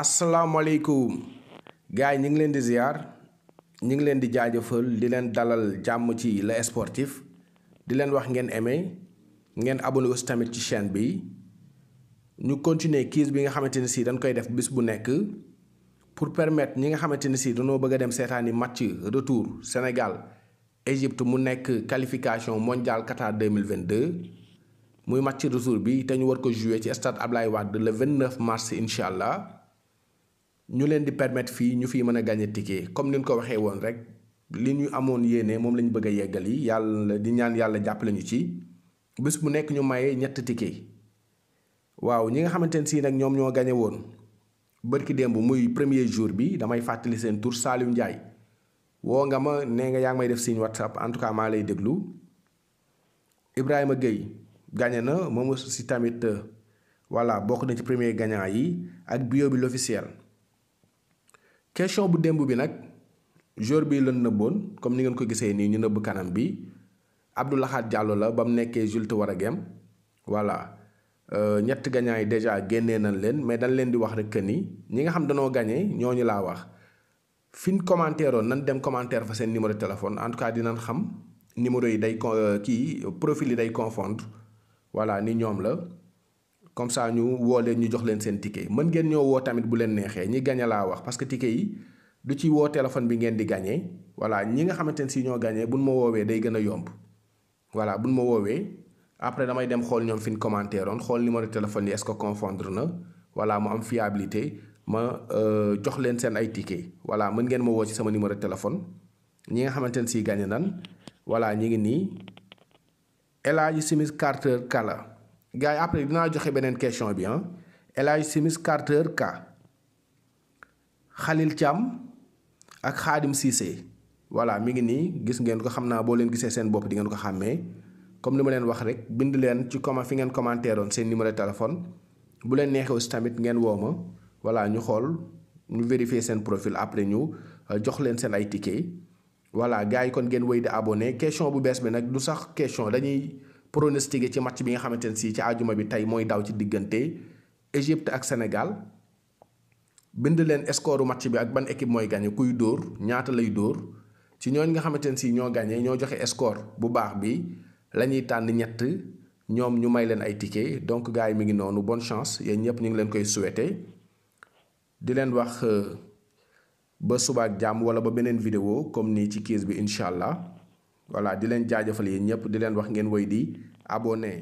asalaamaaleykum gars yi ñu ngi leen di ziar ñu ngi leen di jaajëfal di leen dalal jàmm ci la sportif di leen wax ngeen aimé ngeen abonné aussi tamit ci chaîne bi ñu continuer quiz bi nga xamante ne si dañ koy def bis bu nekk pour permettre ñi nga xamante ne si dañoo bëgg a dem seetaani match retour Sénégal Égypte mu nekk qualification mondiale Qatar 2022 muy match retour bi te ñu war ko jouer ci stade Ablaye Wade le 29 mars incha allah. ñu leen di permettre fii ñu fii mën a gagné tikkee comme ni ko waxee woon rek li ñu amoon yéene moom lañu bëgg a yeggal yi yàlla di ñaan yàlla jàppale ñu ci bés bu nekk ñu maye ñett ticket waaw ñi nga xamante ne sii nag ñoom ñoo gañe woon bërki démb muy premier jour bi damay fàttali seen tur Saliou Ndiaye woo nga ma nee nga yaa ngi may def signe WhatsApp en tout cas maa lay déglu Ibrahima Gueye gagné na moom aussi tamit euh, voilà bokk na ci premier gagnant yi ak bio question bu démb bi nag jour bii lan nëbboon comme ni ngeen ko gisee nii ñu nëbb kanam bi Abdou Lahad Diallo la ba mu nekkee Jules Waregem voilà euh, ñett gagnants yi déjà génnee nañ leen mais dañ leen di wax rek que ni ñi nga xam danoo ñoo ñu laa wax fi ñu commentaire woon nan dem commentaire fa seen numéro téléphone en tout cas xam numéro yi day euh, kii profil yi day confondre voilà ni ñoom la. comme ça ñu woo leen ñu jox leen seen ticket mën ngeen ñoo woo tamit bu leen neexee ñi gagné laa wax parce que ticket yi du ci woo téléphone bi ngeen di gañee voilà ñi nga xamante ne si ñoo gagné buñ ma woowee day gën a yomb voilà buñ ma woowee après damay dem xool ñoom fi ñu commentaire oon xool numéro téléphone yi est-ce que na voilà mu am fiabilité ma euh, jox leen seen ay ticket voilà mën ngeen ma woo ci sama numéro téléphone ñi nga xamante ne si gagné nan voilà ñi ngi nii El Hadji Simis Carter Kala gars yi après dinaa joxe beneen question bi ah El Hadj Simis Carter Ka Khalil Thiam ak Khadim Cissé voilà mi ngi nii gis ngeen ko xam naa boo leen gisee seen bopp di ngeen ko xàmmee comme li ma leen wax rek bind leen ci comment fi ngeen commentaire woon seen numéro téléphone bu leen neexew si tamit ngeen woo ma voilà ñu xool ñu vérifier seen profil après ñu euh, jox leen seen ay ticket voilà gars yi kon ngeen wéy di abonné question bu bees bi nag du sax question dañuy. pronostiqué ci match bi nga xamante ne sii ci ajuma bi tey mooy daw ci diggante Égypte ak Sénégal bind leen score match bi ak ban équipe mooy gagné kuy dóor ñaata lay dóor ci ñooñ nga xamante ne sii ñoo gagné ñoo joxe score bu baax bi la ñuy tànn ñett ñoom ñu may leen ay ticket donc gars yi mi ngi noonu bon chance yéen ñëpp ñu ngi leen koy souhaiter di leen wax euh, ba suba jàmm wala ba beneen vidéo comme nii ci kiis bi incha allah. voilà di leen jaajëfal yéen ñëpp di leen wax ngeen woy di abonné